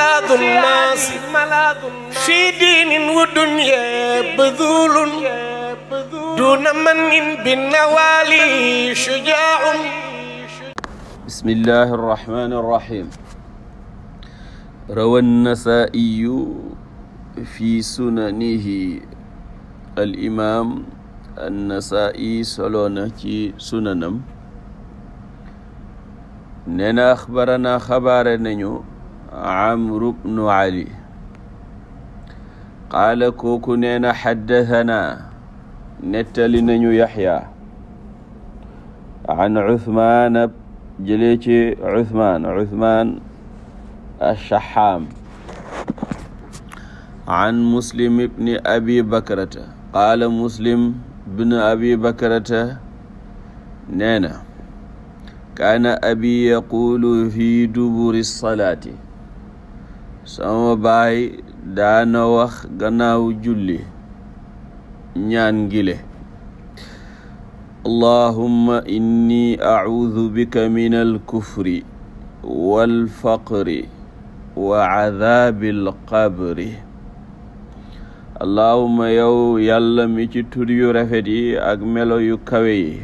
ملاذ الناس في دين ودنيا بذول دون من بالنوالي شجاع بسم الله الرحمن الرحيم روى النسائي في سننه الإمام النسائي سلونة سننم ننا أخبرنا خبار نيو amru bnu ali qaala kooku nee na xaddatanaa nettali nañu yaxya an uthmaana jëlee ci uthmaan uthmaan ashaxaam an muslim ibni abi bakrata qaala muslim ibni abi bakrata nee na kaana abi yaquulu fi duburi salaati sama baay daana wax gannaaw julli ñaan gile allahumma inni acuudu bika min alkufri walfaqri wa cadaabi alqabri allahumma yow yàlla mi ci tur yu rafet yi ak melo yu kawe yi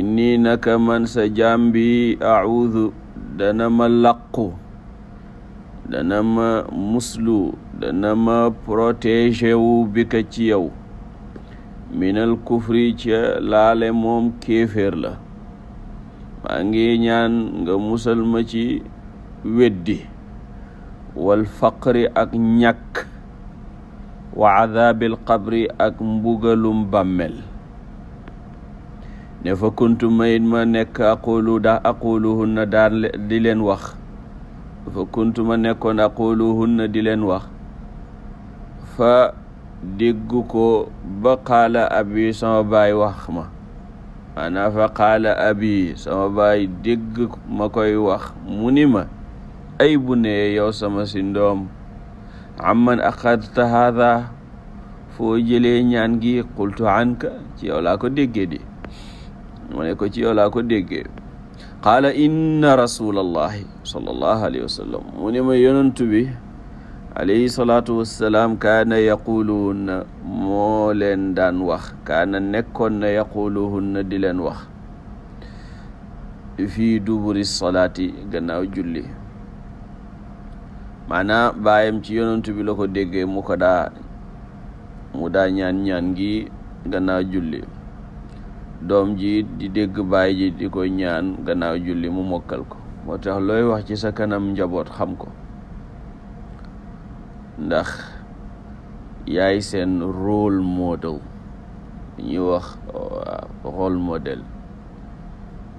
inni naka mansa sa bi acuudu dana ma laqu dana ma muslu dana ma protégé wu ci yow minal kufri ca laale moom kéeféer la maa ngi ñaan nga musal ma ci weddi wal faqri ak ñàkk wa adaabil qabri ak mbugalum bàmmel ne fa kuntu ma nekk aqulu da aquluhunna daan di leen wax fa kuntuma nekkoon aquluhunna di leen wax fa diggu ko ba qaala abi sama baay wax ma maanaa fa qaala abi sama baay digg ma koy wax mu ni ma ay bu yow sama si amman axadta haada foo jëlee ñaan gi qultu anka ci yow laa ko déggee di ma ne ko ci yow laa ko déggee qaala inna rasulallahi sallallahu alayhi wa mu ne ma yonantu bi alayhi salaatu wassalaam kaana yaquluhunna moo leen daan wax kaana nekkoon na yaquluhunna di leen wax fi duburi salaati gannaaw julli maanaam baayam ci yonantu bi la ko déggee mu ko daa mu daa ñaan ñaan gi gannaaw julli doom ji di dégg baay ji di ko ñaan gannaaw julli mu mokkal ko moo tax looy wax ci sa kanam njaboot xam ko ndax yaay seen rôle model ñuy wax rôle model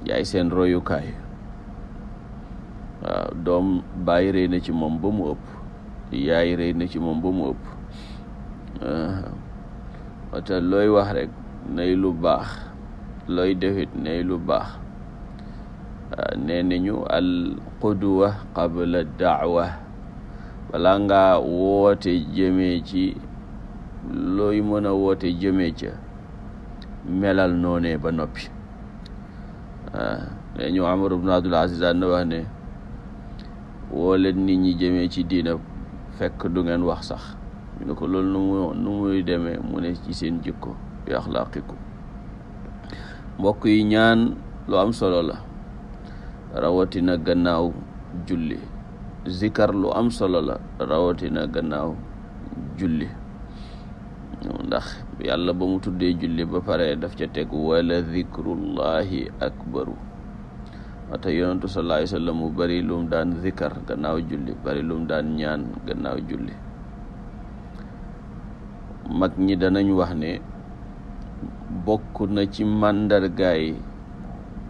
yaay seen royukaay waaw doom baay rëy na ci moom ba mu ëpp yaay rëy na ci moom ba mu ëpp waaw looy wax rek nay lu baax looy defit ne lu baax ah, nee nañu al qudwa qabla daawa balaa ngaa woote jëme ci looy mën a woote jëme ca melal noonee ba noppi waaw ah, nee ñu Amar ibn Abdul Aziz daan wax ne woo leen nit ñi jëmee ci diina fekk du ngeen wax sax ñu ne ko loolu nu muy demee mu ne ci seen jikko bi axlaaqikum mbokk yi ñaan lu am solo la rawatina gannaaw julli zikar lu am solo la rawatina gannaaw julli ndax yàlla ba mu tuddee julli ba pare def ca teg wala zikrullahi akbaru wate yonentu sallallahu alayhi wa mu bari lu daan zikar gannaaw julli bari lu daan ñaan gannaaw julli mag ñi danañ wax ne bokk na ci màndargaay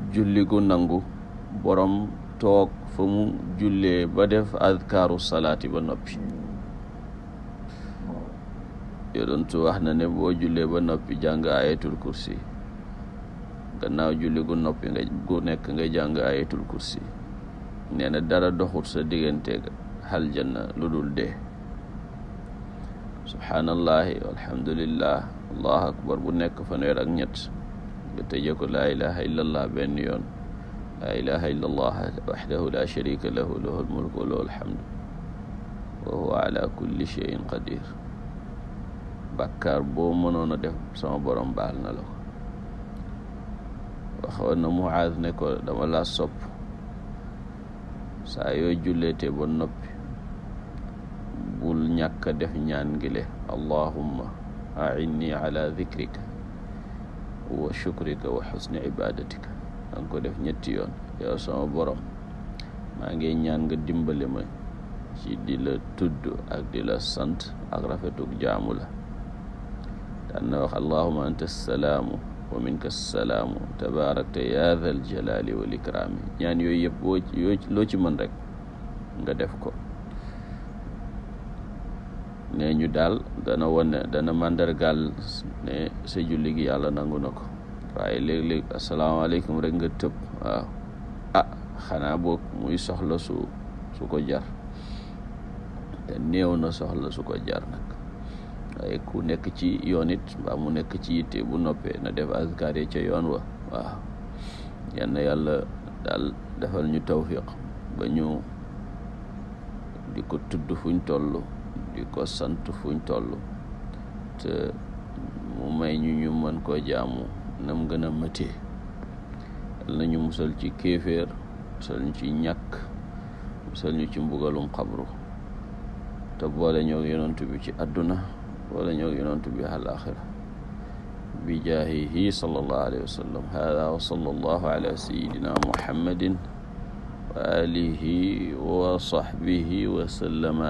julli gu nangu boroom toog fa mu jullee ba def adkaaru salaati ba noppi yonentu wax na ne boo jullee ba noppi jàng ayatul kursi gannaaw julli gu noppi nga gu nekk nga jàng ayatul kursi nee na dara doxut sa digganteeg aljanna lu dul dee subhaanallahi walhamdulillah allahu akbar bu nekk fanweer ak ñett nga tëje ko laa ilaha illallah benn yoon laa ilaha illallah waxdahu la sharika lahu lahu almulku wa alhamdu wa huwa ala kulli cheyin qadir bàkkaar boo mënoon a def sama borom baal na la ko waxoon na Muaaz dama laa sopp saa yoo julleete ba noppi bul ñàkk def ñaan gi allahumma a ala dikrika ko def ñetti yoon borom maa ngi ñaan nga dimbale ma ci di la tudd ak di la sant ak rafetug jaamu la na wax allahuma anta salaamu wa minka salaamu tabaarakta yaa dal jalaali wal ikraami ñaan yooyu yëpp boo loo ci mën rek nga def ko ne ñu daal dana wane dana màndargaal ne sa julli gi yàlla nangu na ko waaye léeg-léeg asalaamaaleykum rek nga tëb waaw ah xanaa boog muy soxla su su ko jar te néew na soxla su ko jar nag waaye ku nekk ci yoon it mu nekk ci yitte bu noppee na def azkar yi ca yoon wa waaw yenn yàlla daal defal ñu tawfiq ba ñu di ko tudd fuñ toll di ko sant fuñ toll te mu may ñu ñu mën koo jaamu nam gën a mëtee nañu musal ci kéeféer musal ñu ci ñàkk musal ñu ci mbugalum xabru te boole ñoog yonent bi ci àdduna boole ñoog yonent bi àlaaxira bi jaahihi sallallahu alayhi wa sallam wa sallallahu ala sayidina muhammadin wa wa sahbihi wa sallama